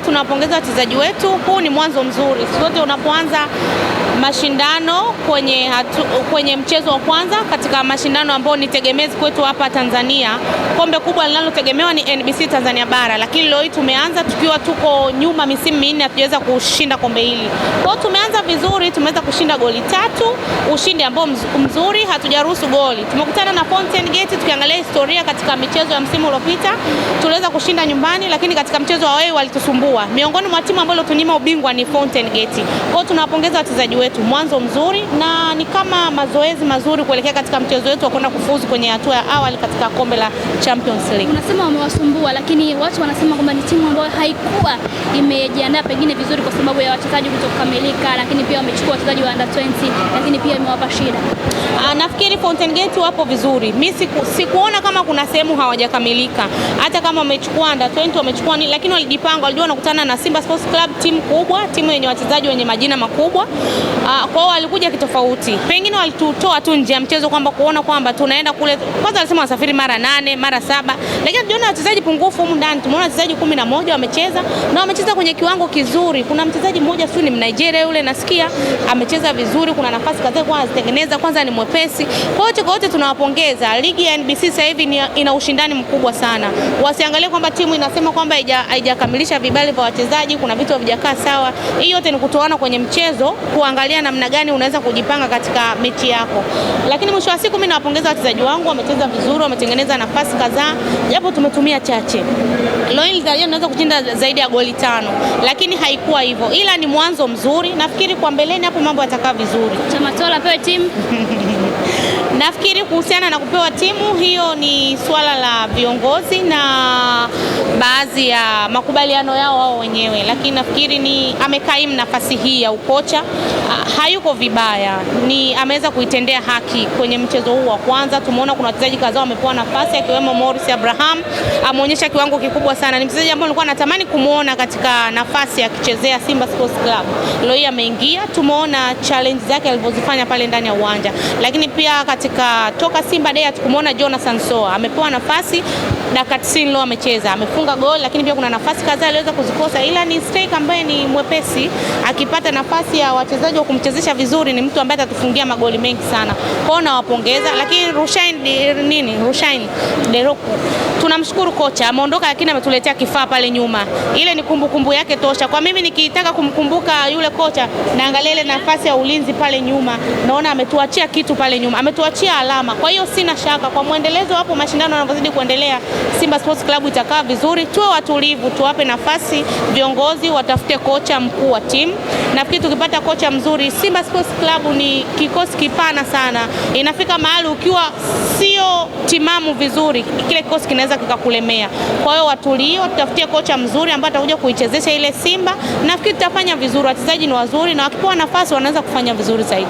tunawapongeza wachezaji wetu. Huu ni mwanzo mzuri, sote unapoanza mashindano kwenye, hatu, kwenye mchezo wa kwanza katika mashindano ambayo ni tegemezi kwetu hapa Tanzania. Kombe kubwa linalotegemewa ni NBC Tanzania Bara, lakini leo hii tumeanza tukiwa tuko nyuma misimu minne hatujaweza kushinda kombe hili. Kwa hiyo tumeanza vizuri, tumeweza kushinda goli tatu, ushindi ambao mzuri, hatujaruhusu goli. Tumekutana na Fountain Gate, tukiangalia historia katika michezo ya msimu uliopita tuliweza kushinda nyumbani, lakini katika mchezo wa wao walitusumbua. Miongoni mwa timu ambayo tunyima ubingwa ni Fountain Gate. Kwa hiyo tunawapongeza wachezaji wetu wetu mwanzo mzuri na ni kama mazoezi mazuri kuelekea katika mchezo wetu wa kwenda kufuzu kwenye hatua ya awali katika kombe la Champions League. Unasema wamewasumbua, lakini watu wanasema kwamba ni timu ambayo haikuwa imejiandaa pengine vizuri kwa sababu ya wachezaji kutokamilika, lakini pia wamechukua wachezaji wa under 20 lakini pia imewapa shida. Ah, nafikiri Fountain Gate wapo vizuri, mi siku, sikuona kama kuna sehemu hawajakamilika, hata kama wamechukua under 20 wamechukua ni, lakini walijipanga, walijua wanakutana na Simba Sports Club, timu kubwa, timu yenye wachezaji wenye majina makubwa Ah, kwao walikuja kitofauti, pengine walitutoa tu nje ya mchezo, kwamba kuona kwamba tunaenda kule. Kwanza walisema wasafiri mara nane mara saba, lakini tunaona wachezaji pungufu humu ndani. Tumeona wachezaji kumi na moja wamecheza na wamecheza kwenye kiwango kizuri. Kuna mchezaji mmoja sio, ni Mnigeria yule, nasikia amecheza vizuri, kuna nafasi kadhaa kwa azitengeneza, kwanza ni mwepesi. Kwa hiyo kwa wote tunawapongeza. Ligi ya NBC sasa hivi ina ushindani mkubwa sana, wasiangalie kwamba timu inasema kwamba haijakamilisha vibali vya wachezaji, kuna vitu havijakaa sawa. Hii yote ni kutoana kwenye mchezo kuangalia kuangalia namna gani unaweza kujipanga katika mechi yako. Lakini mwisho wa siku mimi nawapongeza wachezaji wangu, wamecheza vizuri, wametengeneza nafasi kadhaa, japo tumetumia chache. inaweza kushinda zaidi ya goli tano, lakini haikuwa hivyo, ila ni mwanzo mzuri. Nafikiri kwa mbeleni hapo mambo yatakaa vizuri. tola pewe timu Nafikiri kuhusiana na kupewa timu hiyo ni swala la viongozi na baadhi ya makubaliano yao wao wenyewe, lakini nafikiri ni amekaimu nafasi hii ya ukocha, ah, hayuko vibaya, ni ameweza kuitendea haki kwenye mchezo huu wa kwanza. Tumeona kuna wachezaji kadhaa wamepewa nafasi, akiwemo Morris Abraham, ameonyesha kiwango kikubwa sana. Ni mchezaji ambaye nilikuwa natamani kumwona katika nafasi ya Simba Sports Club. Leo ameingia, tumeona challenge zake alizozifanya pale ndani ya uwanja, lakini pia katika katika toka Simba Day hatukumwona Jonathan Soa, amepewa nafasi dakika 90 leo amecheza, amefunga goli, lakini pia kuna nafasi kadhaa aliweza kuzikosa, ila ni strike ambaye ni mwepesi, akipata nafasi ya wachezaji wa kumchezesha vizuri ni mtu ambaye atatufungia magoli mengi sana. kwao, hiyo nawapongeza, lakini Rushain nini, Rushain Deroku tunamshukuru kocha, ameondoka lakini ametuletea kifaa pale nyuma, ile ni kumbukumbu kumbu yake tosha. Kwa mimi nikitaka kumkumbuka yule kocha, naangalia ile nafasi ya ulinzi pale nyuma, naona ametuachia kitu pale nyuma, ametuachia kuachia alama. Kwa hiyo sina shaka kwa mwendelezo hapo, mashindano yanavyozidi kuendelea, Simba Sports Club itakaa vizuri. Tuwe watulivu, tuwape nafasi viongozi, watafute kocha mkuu wa timu. Nafikiri tukipata kocha mzuri, Simba Sports Club ni kikosi kipana sana, inafika mahali ukiwa sio timamu vizuri, kile kikosi kinaweza kikakulemea. Kwa hiyo watulie, tutafutie kocha mzuri ambaye atakuja kuichezesha ile Simba. Nafikiri tutafanya vizuri, wachezaji ni wazuri na wakipewa nafasi wanaweza kufanya vizuri zaidi.